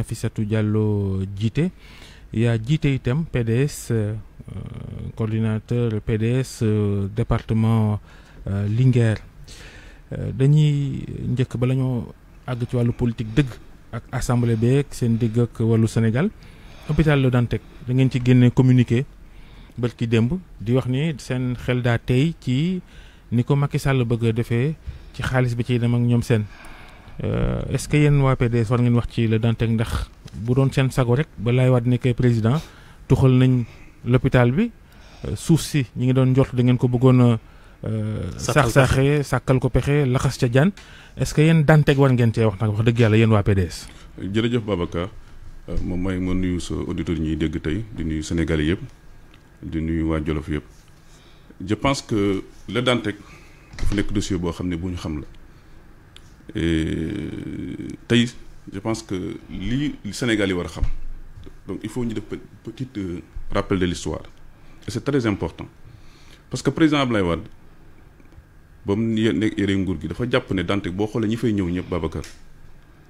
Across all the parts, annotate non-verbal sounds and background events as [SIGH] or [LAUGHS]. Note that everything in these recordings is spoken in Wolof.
Nafissatou Diallo jiite yaa jiite itam PDS euh, coordinateur PDS euh, département euh, Linguère dañuy njëkk bala ñoo àgg ci wàllu politique dëgg ak assemblée beeg seen digg ak wàllu Sénégal hôpital Le Dantec da ngeen ci génne communiqué bërki démb di wax ni seen xel daa tey ci ni ko Macky Sall bëgg a defee ci xaalis bi ciy dem ak ñoom seen. Euh, est ce que yéen waa PDS war ngeen wax ci le Dantec ndax bu doon seen sago rek ba lay wat nekkee président tuxal nañ l'hôpital bi euh, suuf si ñi ngi doon jot da ngeen ko bëggoon sax saxé sakal ko pexé laxas ca jaan est ce que yeen dantek war ngeen cey wax nak wax deug yalla yeen wa PDS jërëjëf babaka euh, mom may ma nuyu sa auditeur ñi dégg tay di nuyu sénégalais yépp di nuyu wa jolof yépp je pense que le dantek dafa nek dossier bo xamné buñu xam la tey je pense que lii Sénégal sénégalais war xam donc il faut une petite euh, rappel de l'histoire et c'est très important parce que président Ablaye Wade il y a yore nguur gi dafa jàpp ne Dantec boo xoolee ñi fay ñëw ñëpp Babacar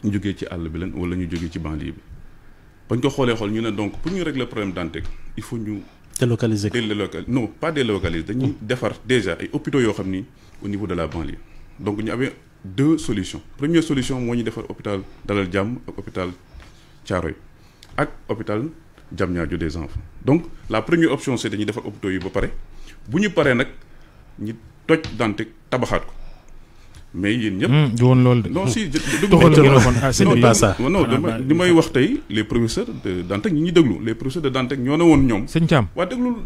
ñu joggé ci all bi lan wala ñu joggé ci banlieue bi bañ ko xolé xol ñu né donc pour ñu régler problème Dantec il faut ñu. délocaliser délocaliser non pas délocaliser dañuy defar déjà ay hôpitaux yo xamni ni au niveau de la banlieue donc ñu avait deux solutions première solution moo de defar l'hôpital Dalal et l'hôpital hôpital et l'hôpital hôpital l'hôpital des enfants donc la première option c'est de faire l'hôpital yi ba Si nous ñu paree nag ñi toj Dantec de mais yéen ñëpp. Hmm, du woon loolu de. non si ah, non li may wax tey les professeurs de Dantec ñi ñuy déglu les professeurs de Dantec ñoo ne woon ñoom. sëñ Thiam waa déglu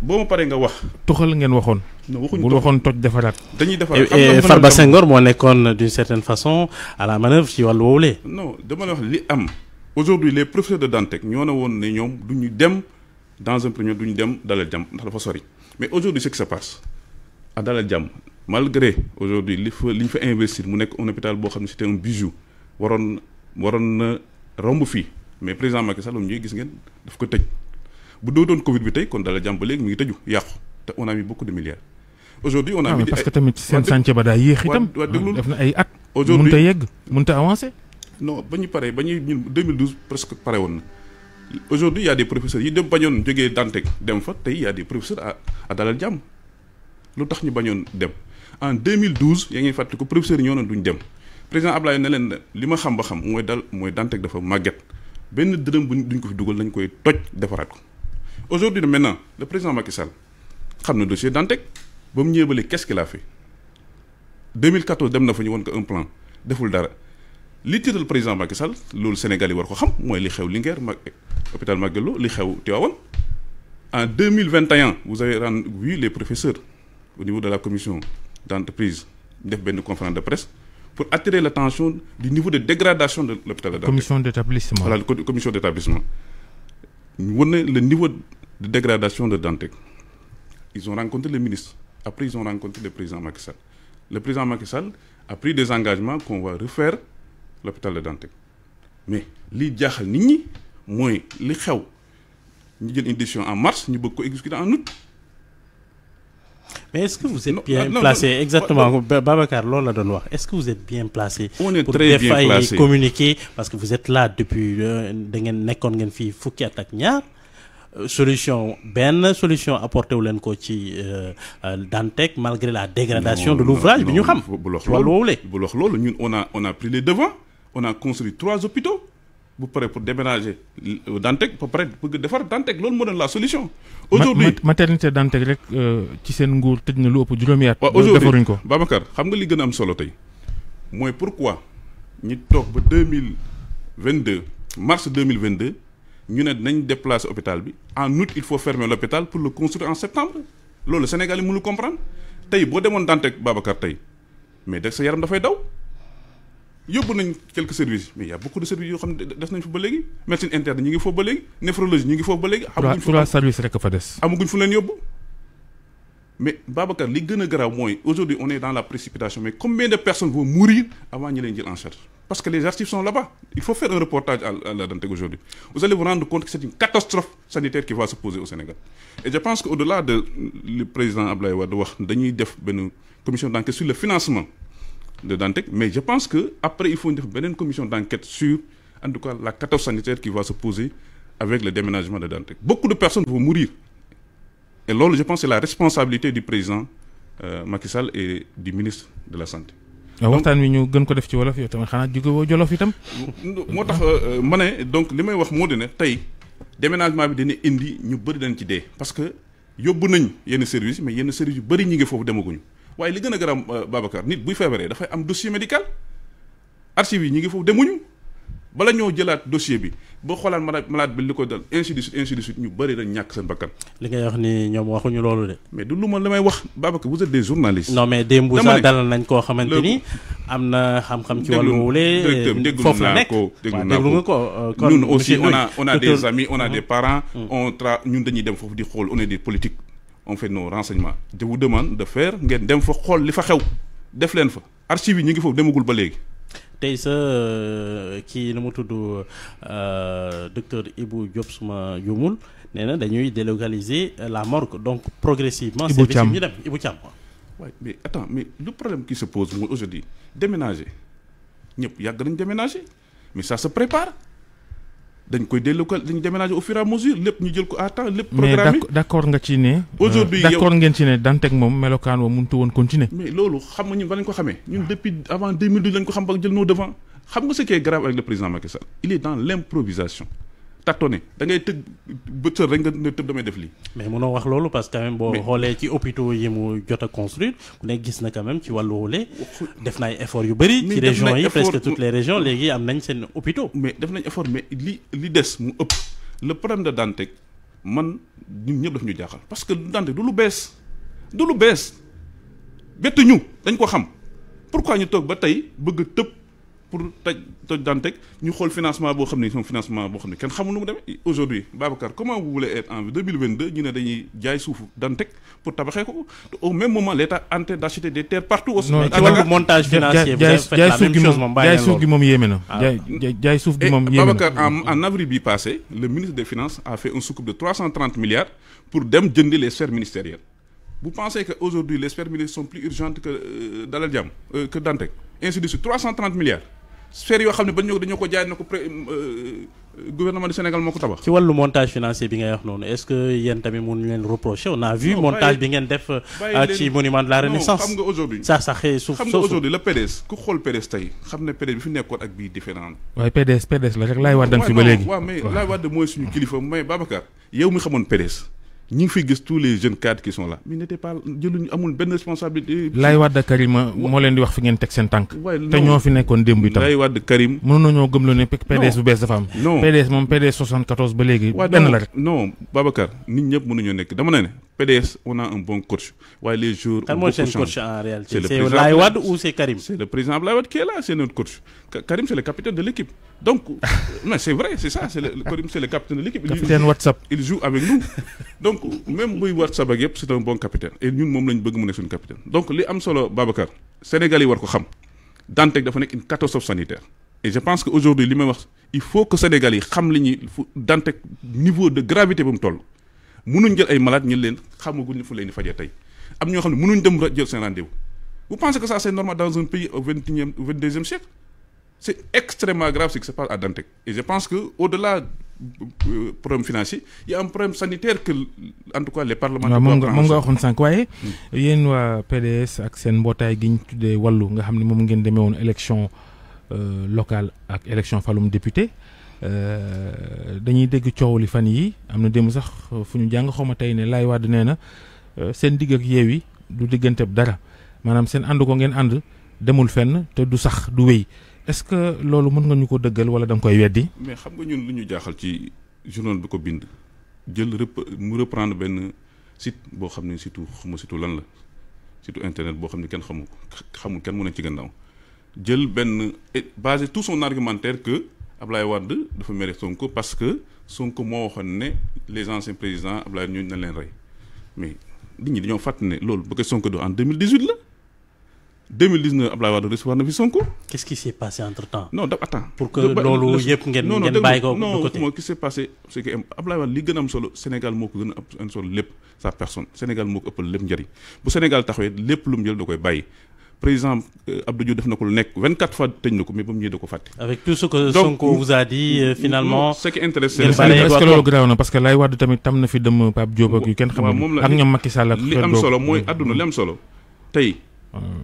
boo ma paree nga wax. tuxal ngeen waxoon. waxuñu bu waxoon toj defaraat. dañuy defaraat Farba Senghor moo nekkoon d'une certaine façon à la manœuvre ci wàllu woowulee. non dama la wax li am aujourd'hui les professeurs de Dantec ñoo ne woon ne ñoom du dem dans un premier duñu dem Dalal jam ndax dafa sori mais aujourd'hui ce qui se passe à Dalal jam malgré aujourd'hui li fa investir mu nek un hôpital bo xamni c'était un bijou waron waron na romb fi mais président Macky Sall ñuy gis ngeen daf ko tëj bu dootoon Covid bi tay kon dala jàmm ba mi ngi tëju yàqu te on a mis beaucoup de milliards. aujourd'hui on a ah, mis parce que tamit sen chantier ba da yéex itam. def na ay at. aujourd'hui mënut yegg mënut a non bañu paré bañu 2012 presque paré woon aujourd'hui il y a des professeurs yi dem bañoon jógee Dantec dem fa il y a des professeurs à à Dalal Jàmm lu tax ñu bañoon dem en 2012 yaa ngi ko professeur ñono duñ dem président Ablaye ne leen li ma xam ba xam moy dal moy Dantec dafa maguet benn dërëm buñ duñ ko fi duggal lañ koy toj defaraat ko aujourd'hui maintenant le président Macky Sall xam na dossier Dantec bam mu qu'est-ce qu'il a fait 2014 dem na fa ñu won ko un plan deful dara li le président Macky Sall loolu Sénégalais war ko xam moy li xew Linguère mag hôpital Magatte li xew en 2021 vous avez rendu vu les professeurs au niveau de la commission d'entreprise de une conférence de presse pour attirer l'attention du niveau de dégradation de l'hôpital de commission d'établissement voilà commission d'établissement le niveau de dégradation de Dante. ils ont rencontré le ministre après ils ont rencontré le président Macky Sall le président Macky Sall a pris des engagements qu'on va refaire l'hôpital de Dante. mais li qui nit ñi cas, li xew ñu une décision en mars Nous bëgg ko en août mais est-ce que vous êtes bien placé Exactement, Babacar, l'on l'a donné est-ce que vous êtes bien placé pour très bien placé. communiquer Parce que vous êtes là depuis. Il faut qu'il attaque solution bonne, solution apportée au euh, euh, Dantec malgré la dégradation de l'ouvrage on a on a pris les devants on a construit trois hôpitaux bu paree pour déménager Dantec pour pare bëgg defar Dantec loolu moo la solution. aujourd'hui maternité Dantec rek euh, ci seen nguur tëj na lu ëpp juróomi at. aujourd'hui defaruñ ko Babacar xam nga li gën am solo pourquoi ñi sommes ba 2022, mars 2022. Nous vingt deux ñu nañ déplacer hôpital bi en août il faut fermer l'hôpital pour le construire en septembre le Sénégalais yi mënu comprendre tey boo demoon Dantec Babacar tey mais de sa yaram dafay daw a beaucoup quelques services mais y' a beaucoup de services qui xam ne def nañ fa ba médecine interne ñi ngi foofu ba néphrologie ñi ngi foofu ba Il faut trois services rek fa mais Babacar li aujourd'hui on est dans la précipitation mais combien de personnes vont mourir avant ñi leen en charge parce que les archives sont là-bas il faut faire un reportage à la aujourd'hui vous allez vous rendre compte que c'est une catastrophe sanitaire qui va se poser au Sénégal et je pense quau delà de le président Abdoulaye Wade wax dañuy def commission d'enquête sur le financement de Dantec mais je pense qu'après, il faut une une commission d'enquête sur en tout cas la catastrophe sanitaire qui va se poser avec le déménagement de Dantec beaucoup de personnes vont mourir et là, je pense c'est la responsabilité du président euh, Macky Sall et du ministre de la santé. waxtaan wi ñu gën ko def ci wolof yow tamit xanaa jóge woo jolof itam. moo tax euh, euh, ma ne donc li may wax moo di déménagement bi dina indi ñu bëri dañ ci dee parce que yóbbu nañ yenn service mais yenn service yu bëri ñi ngi foofu demaguñu. waaye li gën a garam euh, Babacar nit buy feebaree dafay am dossier médical archives yi ñu ngi foofu demuñu bala ñoo jëlaat dossier bi ba xoolaat malade malade bi li ko dal ainsi de suite ainsi ñu bëri dañ ñàkk seen bakkan. li nga wax ni ñoom waxuñu loolu de. mais du lu ma li may wax Babacar bu êtes des journalistes. non mais démb sax dalal nañ koo xamante ni am na xam-xam ci wàllu wuule. foofu la nekk déglu naa ko déglu nga ko. Euh, ñun aussi on a on a des amis on mm. dañuy dem foofu di xool on est des on fait nos renseignements je vous demande de faire des dem fa xool li fa xew def leen fa archives yi ñu ngi foofu demagul ba léegi. tey sa euh, kii mu euh, docteur Ibou Diop suma n'est nee dañuy délocaliser la marque donc progressivement. c'est Thiam ñu dem Ibou cham quoi. mais attends mais le problème qui se pose moi aujourd'hui déménager ñep yag nañ déménager mais ça se prépare dañ koy déménager au fur et à mesure lépp ñu jël ko à temps lépp programmé mais d'accord, nga ci né euh, ngeen ci continuer. mais xam nga depuis avant 2012 lañ ko xam ba jël nous devant xam nga ce qui est grave avec le président Macky Sall il est dans l'improvisation tâtonner da ngay tëgg bët sër rek nga ne tëb damay def lii. mais munoo wax loolu parce que quand même boo xoolee ci hôpitaux yi mu jot a construire ku nekk gis na quand même ci wàllu wóole def na effort yu bëri. ci région yi presque toutes les régions léegi am nañ seen hôpitaux. mais def nañ effort mais li li des mu ëpp le problème de dantek man ñun ñëpp daf ñu jaaxal parce que dantek du lu bees du lu bees bettu ñu dañ ko xam pourquoi ñu toog ba tey bëgg tëb pour toj nous ñu financement bo xamni financement aujourd'hui Babacar comment vous voulez être en 2022 ñu né dañuy pour au même moment l'État en train d'acheter des terres partout aussi non avec le montage financier ah. jaay suuf gi moom jaay suuf gi moom yéeme na jaay gi Babacar en avril bi passé le ministre des finances a fait un soucoupe de 330 milliards pour dem les sphères ministérielles vous pensez qu'aujourd'hui, les sphères ministérielles sont plus urgentes que euh, Dalal Jamm euh, que Dantek ainsi de suite 330 milliards sphères yoo xam ne ba ñu dañoo ko jaay na ko euh, euh, gouvernement du Sénégal moo ko tabax. ci wàllu montage financier bi ngay wax noonu est-ce que yéen tamit mun leen reprocher on a vu montage bi ngeen def. Euh, ci monument de la renaissance xam nga aujourd'hui sax sax suuf xam nga aujourd'hui le PDS ku xool PDS tey xam ne PDS bi fi nekkoon ak bii différent waaye PDS PDS la rek laay waat fi ba léegi. waaw mais laay waat mooy suñu kilifa mais Babacar yow mi xamoon PDS. ñi ngi fi gis tous les jeunes cadres qui sont là mais n'était pas Karima euh, moo leen di wax fi ngeen teg seen tànk. te ñoo fi nekkoon démb itam. Laye Wade Karim. mënoon nañoo gëm la ne PDS bu bees dafa am. non PDS moom PDS 74 ba léegi. benn la rek non Babacar nit ñëpp mënuñoo nekk dama ne ne. on a un bon coach. Ouais, les jours. beaucoup un coach en réalité C'est Laïwad ou c'est Karim C'est le président Laïwad qui est là, c'est notre coach. Karim, c'est le capitaine de l'équipe. Donc, [LAUGHS] c'est vrai, c'est ça. Le, Karim, c'est le capitaine de l'équipe. il, WhatsApp. Il joue avec nous. Donc, même lui WhatsApp, c'est un bon capitaine. Et nous, nous, nous, sommes capitaine. Donc, les Amsolo Babacar, Sénégalais, Dantec, c'est une catastrophe sanitaire. Et je pense qu'aujourd'hui, il faut que les Sénégalais sachent un niveau de gravité pour mënuñ jël ay malade ñu leen xamaguñ fu leen di fajee tey am ñoo xam ne mënuñ dem jël sen rendez-vous vous pensez que ça c'est normal dans un pays au 21e 22e siècle c'est extrêmement grave ce qui se passe à Dantec et je pense que au-delà euh, problème financier il y a un problème sanitaire que en tout cas les parlementaires. waaw moom nga moom nga waxoon sànq waaye. Hmm. yéen waa PDS ak sen mbootaay giñ tuddé tuddee nga xamni mom ngeen démé won élection euh, locale ak élection falum député. Euh, dañuy dégg coow li fan yi am na démb sax euh, fu ñu jàng xaw ma tey ne Laay Wàdd nee na euh, seen digg ak Yewwi du diggante bu dara maanaam seen ànd ko ngeen ànd demul fenn te du sax du wéy est-ce que loolu mën nga ñu ko dëggal walla da nga koy weddi. mais xam nga ñu lu ñu jaaxal ci journal bi ko bind jël rep mu reprendre benn site boo xam ne surtout xamu surtout lan la surtout internet boo xam ne kenn xamu xamul kenn mu ne ci gannaaw jël benn basé tout son argumentaire que. Ablaye Wade dafa mere Sonko parce que Sonko moo waxoon ne les anciens présidents Ablaye ñooñu na leen rey mais nit ñi dañoo fàtt ne loolu ba ko Sonko do en 2018 la 2019 Ablaye Wade recevoir na fi Sonko. qu'est-ce qui s'est passé entre temps. non d'abord attends pour que loolu yëpp ngeen ngeen bàyyi ko non non non. qui s'est passé c'est que Ablaye Wade li gën am solo Sénégal moo ko gën a am solo lépp sa personne Sénégal moo ko ëppal lépp njëriñ bu Sénégal taxawee lépp lu mu jël da koy bàyyi président euh, Abdou Diouf def na ko lu nekk 24 fois tëj na mais ba mu ñëwee da ko avec tout ce que Sonko vous a dit euh, finalement. ce qui est intéressant. ce que le grand, na parce que Laye Wade tamit tam na fi dem euh, Pape Diop ak yu kenn xamul. ak ñoom Macky Sall ak li am solo mooy mm. àdduna li am solo tey.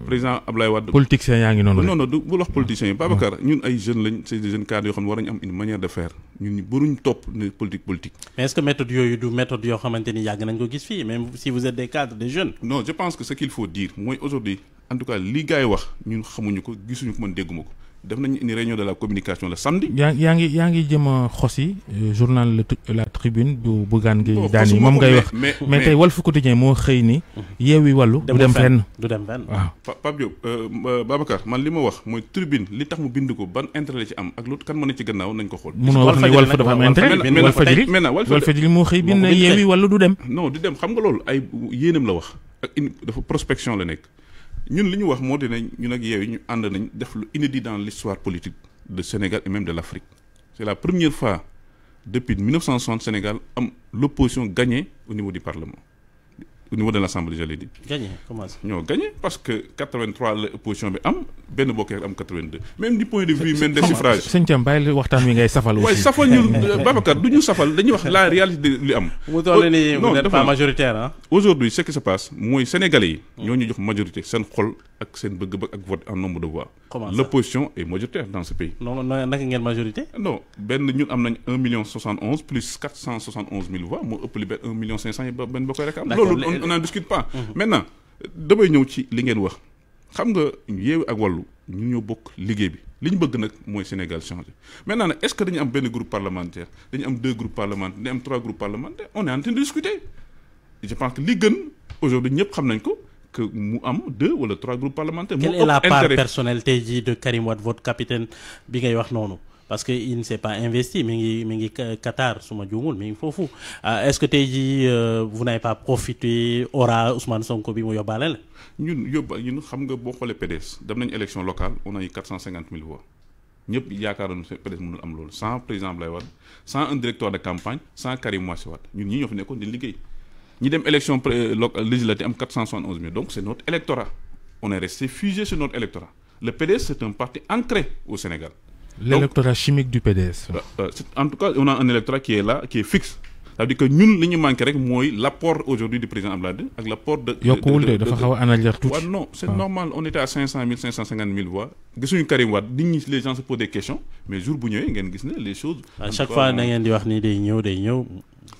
président Abdoulaye Wade. politicien yaa ngi noonu non non du wax politicien mm. Babacar ñun ay jeunes lañ c'est des jeunes cadres yo xam war nañu am une manière de faire ñun ñu buruñ top ni politique politique. mais est-ce que méthode yoyu du méthode yo xamanteni ni nañ ko gis fi même si vous êtes des cadres des jeunes. non je pense que ce qu'il faut dire moy aujourd'hui en tout cas li gay wax ñun xamuñu ko gisuñu ko man dégguma ko def nañ une réunion de la communication le samedi. yaa yaa ngi yaa ngi jëm a euh, journal la tribune bu Bougane Gueye Dany moom ngay wax mais tay Walf Quotidien mo xey ni. Mhm. Yewwi walu du dem fenn du dem fenn waaw. Pape Diop euh, euh, Babacar man li ma wax moy tribune li tax mu bind ko ban intérêt ci am ak lut kan mën a ci gannaaw nañ ko xool. munoo wax ni Walf dafa am intérêt Walfadjri maintenant Walfadjri moo xëy bind Yewwi Wallu du dem. non du dem xam nga loolu ay yéenam la wax ak une dafa prospection la nek nous inédit dans l'histoire politique de Sénégal et même de l'Afrique c'est la première fois depuis 1960 Sénégal l'opposition gagnée au niveau du Parlement au niveau de l'Assemblée, je l'ai dit. Gagné, comment ça Non, gagné, parce que 83, positions mais am, Ben 82. Même du point de vue même des suffrages. C'est un bail, le Wartam Yinga Safal aussi. Oui, Safal, [LAUGHS] euh, Babacar, nous Safal, la réalité de l'am. Vous n'êtes pas majoritaire. Hein? Aujourd'hui, ce qui se passe, moi, Sénégalais, nous avons une majorité, c'est un ak seen bëgg-bëgg ak vote en nombre de voix. comment l'opposition est majoritaire dans ce pays. non non naka ngeen majorité. non ben ñun am nañ 1 million 71 plus 471 voix mo ëpp li ben 1 million 500 ben bokoy rek am. loolu on n'en discute pas. Mhm. maintenant damay ñëw ci li ngeen wax xam nga Yewwi ak walu ñu ñoo bok liggéey bi liñ ñu bëgg nag mooy Sénégal changer maintenant est-ce que dañu am ben groupe parlementaire dañu am deux groupes parlementaires dañu am trois groupes parlementaires on est en train de discuter je pense que li gën aujourd'hui ñëpp xam nañ ko que am deux ou trois groupes parlementaires. quelle est la part personnelle de Karim Wade votre capitaine parce qu'il ne s'est pas investi mais il est Qatar mais il faut mi euh, est-ce que euh, vous n'avez pas profité aura Ousmane Sonko bi mu yóbbaale la. ñun yóbba ñun PDS dans une élection locale on a eu 450 000 voix Nous avons PDS mënul am sans président sans un directeur de campagne sans Karim Meïssa nous ñun eu ñoo fi nekkoon ni dem élection euh, législative am 471 000 donc c'est notre électorat on est resté figé sur notre électorat le PDS c'est un parti ancré au Sénégal l'électorat chimique du PDS euh, euh, en tout cas on a un électorat qui est là qui est fixe Ça veut dire que nous, ce l'apport aujourd'hui du président Abdoulaye Avec l'apport de analyser non c'est ah. normal on était à 500 000 550 000 voix gisuñu Karim Wade nit ñi les gens se posent des questions mais jour bu ñëwee ngeen gis ne les choses. à chaque fois na ngeen di wax ni day ñëw day ñëw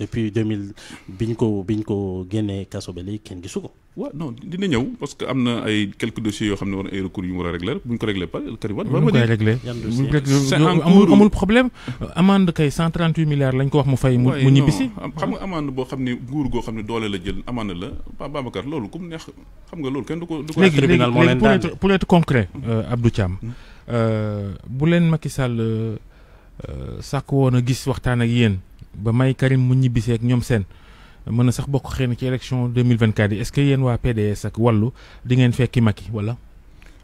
depuis 2000 biñ ko biñ ko génné kaso ba léegi kenn gisu ko. non dina ñëw parce que amna ay quelques dossiers yo xamné won ay recours yu mu régler buñ ko régler par Karim Wade. war ma di yan amul amul problème amende kay 138 milliards lañ ko wax mu fay. mu mu ñibbisi xam nga amende bo xamné ne nguur goo xam doole la jël amende la Babacar loolu ku mu neex xam nga lolu kenn du ko. du ko tribunal moo leen daan pour être concret euh, Abdou am hmm. euh, bu leen Macky Sall euh, sàkk woon a gis waxtaan ak yéen ba may Karim mu ñibbisee ak ñoom seen mën na sax bokk xëy na ci élection 2024 yi est-ce que yéen waa PDS ak wàllu di ngeen fekki Macky wala.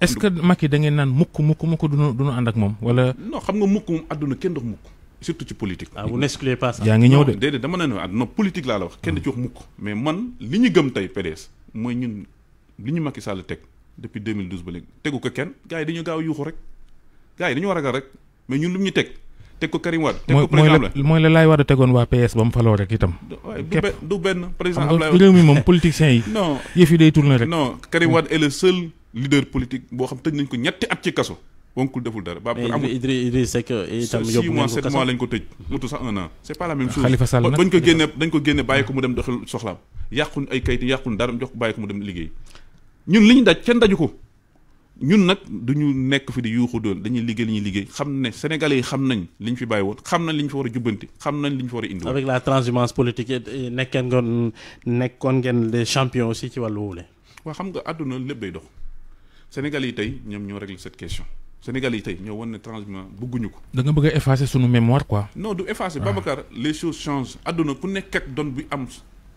est ce que Macky da ngeen naan mukk mukk mukk du nu du nu ànd ak moom wala. non xam nga mukk moom àdduna kenn dox mukk surtout ci politique. Ah, yaa ngi ñëw de dama ne ah non politique laa la wax kenn du ci wax mukk mais man li ñu gëm tey PDS mooy ñun li ñu Macky Sall teg depuis 2012 ba léegi tegu ko kenn gars yi dañu gaaw yuuxu rek gars yi dañu ragal rek mais ñun lu ñu teg. teg ko Karim teg ko président la laay war a tegoon waa PS ba mu faloo rek itam. du benn président Ablaye réew mi moom politiciens yi. non leader politique boo xam tëj nañ ko ñetti at ci kaso wonkul deful dara. Babacar amul mais Idriss Seck eh, itam yóbbu nañ ko kaso 6 mois 7 mois lañ ko tëj. mutu sax un an c' est pas la ah, bañ ko génne dañ ko génne bàyyi ko mu dem doxal soxlaam yàqun ay kayit yàqun dara jox bàyyi ko mu dem liggéey ñun li ñu daj kenn daju ko ñun nag du ñu nekk fi di yuuxu doon dañuy liggéey li ñuy liggéey xam ne sénégalais yi xam nañ li ñu fi bàyyi woon xam nañ li ñu fi war a jubbanti xam nañ li ñu fi war a indi avec la transhumance eh, eh, nekkoon ngeen les champions aussi ci wàllu woowule waaw xam nga àdduna lépp day dox Sénégalais yi tey ñoom ñoo régler cette question Sénégalais yi tey ñoo wan ne transhumance bëgguñu ko. da nga bëgg effacer mémoire quoi. non du effacer Babacar les choses changent àdduna ku nekk ak don bi am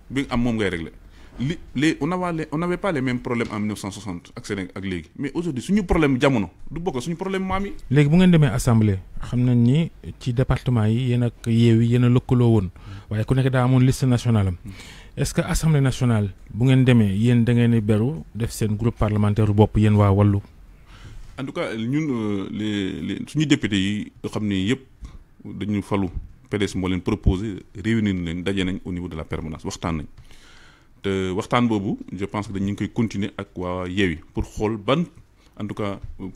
bi am moom ngay régler li les on avait on pas les mêmes problèmes en 1960 ak Sénégal ak léegi mais aujourd'hui suñu problème jamono du bokk suñu problème maam yi. léegi bu ngeen demee assemblée xam nañ ni ci département yi yéen ak yeew yi yéen a lëkkaloo woon mm. waaye ku nekk daa liste nationale am. Mm est-ce que assemblée nationale bu ngeen demee yéen da ngeen beru def seen groupe parlementaire bopp yéen waa wàllu. en tout cas ñun euh, les les suñu députés yi nga xam ni yëpp dañu falu PDS moo leen proposé réunir nañ daje nañ au niveau de la permanence waxtaan nañ te waxtaan boobu je pense que dañu ngi continuer ak waa Yewwi pour xool ban en tout cas euh,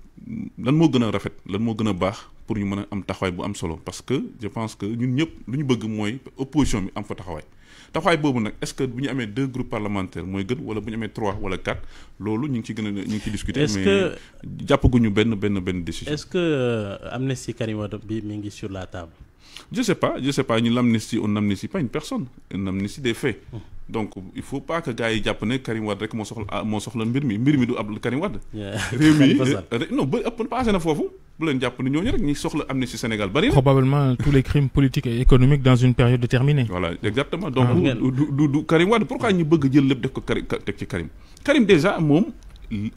lan mo gëna rafet lan mo gëna a baax pour ñu mëna am taxaway bu am solo parce que je pense que ñun ñëpp luñu bëgg moy opposition bi am fa taxaway taxawaay boobu nag est-ce que bu ñu amee deux groupes parlementaires mooy gën wala bu ñu amee trois wala quatre loolu ñu ngi ci gën a ñu ngi ci discuter. est-ce que mais jàppaguñu benn benn benn décision. est-ce que euh, amnistie Karim Wade bi mi ngi sur la table. Je ne sais pas, je sais pas. Une amnistie, on n'amnistie pas une personne, on amnistie des faits. Oh. donc il faut pas que gars japonais Karim Wade rek moo soxla ah, moo soxla mbir mi mbir mi du ab Karim Wade. [LAUGHS] mi [LAUGHS] non ba na foofu bu leen jàpp ne ñooñu rek ñi soxla am Sénégal bari probablement tous les crimes politiques et économiques dans une période déterminée. voilà exactement donc ah. du du du Karim Wade pourquoi ils bëgg jël lépp def ko Karim ci Karim. Karim déjà moom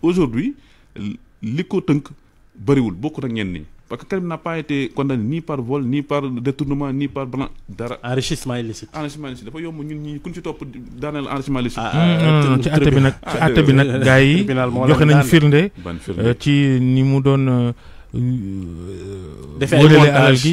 aujourd'hui li est tënk bariwul de ak parce que Karim n'a pas été condamné ni par vol ni par détournement ni par blan dara. enrichissement illicite. enrichissement illicite dafa yomb ñun ñi ku ñu ci topp daaneel enrichissement ah, hmm, ah, ci àtte bi nag ci àtte ah, bi nag gars yi joxe nañ firnde euh, ci ni mu doon. Euh, Euh, defee ay alal gi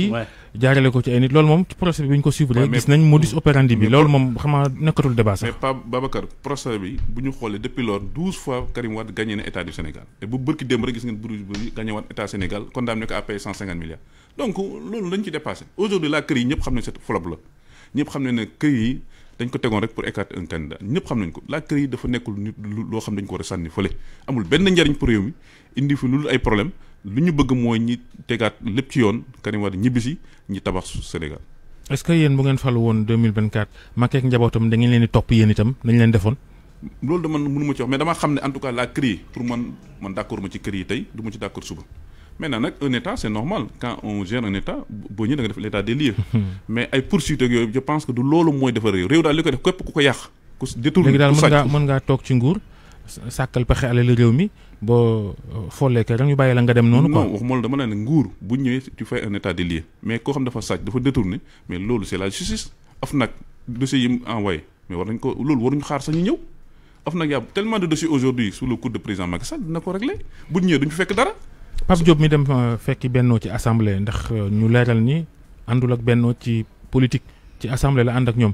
jaarale ko ci ay nit loolu moom ci procès bi bu ñu ko suivre gis nañ modus operandi bi loolu moom xamaa nekkatul débat mais Pape Babacar procès bi bu ñu xoolee depuis douze fois Karim Wade gagné na état du Sénégal te bu bërki démb rek gis ngeen buru bi gagné waat état Sénégal condamné ko à payer cent cinquante milliards. donc loolu lañ ci dépassé aujourd'hui la kër yi ñëpp xam ne c'est flop la ñëpp xam ne ne kër yi dañ ko tegoon lu dul ay problème lu ñu bëgg mooy ñi tegaat lép ci yoon Karim Wade ñibbi si ñi tabax Sénégal. est-ce que yéen bu ngeen falu woon deux mille vingt quatre Macky ak njabootam da ngeen leen di topp yéen itam nañ leen defoon. loolu de man mënu ma ci wax mais dama xam ne en tout cas la CREI pour man man ci CREI yi tey du ma ci d'accord suba. maintenant nag un état c'est normal quand on gère un état boo ñëwee da def l'état des lieux. [LAUGHS] mais ay poursuites yooyu je pense que du loolu mooy defar réew. réew daal li ko def képp ku ngaa toog ci nguur. sàkkal pexe alali réew mi boo euh, ke rek ñu bàyyi la nga dem nonu quoi non waxuma dama la nguur bu ñëwee tu fais un état de lieu mais ko xam dafa sàcc dafa détourné mais lolu c'est la justice af nag dossier yi mu envoyé mais war nañ ko lolu war ñu xaar sa ñu ñëw af nag y tellement de dossiers aujourd'hui sous le coup de président Macky Sall dina ko régler bu ñëwee duñu fekk dara. pap Diop mi dem euh, fekk benno ci assemblée ndax euh, ñu léral ni andul ak benno ci politique ci assemblée la ànd ak ñoom.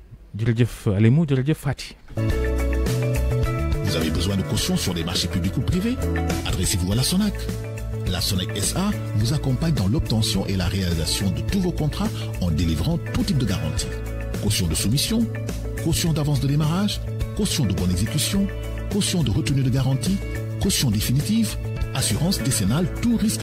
Fati. Vous avez besoin de caution sur les marchés publics ou privés? Adressez-vous à la SONAC. La SONAC SA vous accompagne dans l'obtention et la réalisation de tous vos contrats en délivrant tout type de garantie. Caution de soumission, caution d'avance de démarrage, caution de bonne exécution, caution de retenue de garantie, caution définitive, assurance décennale, tout risque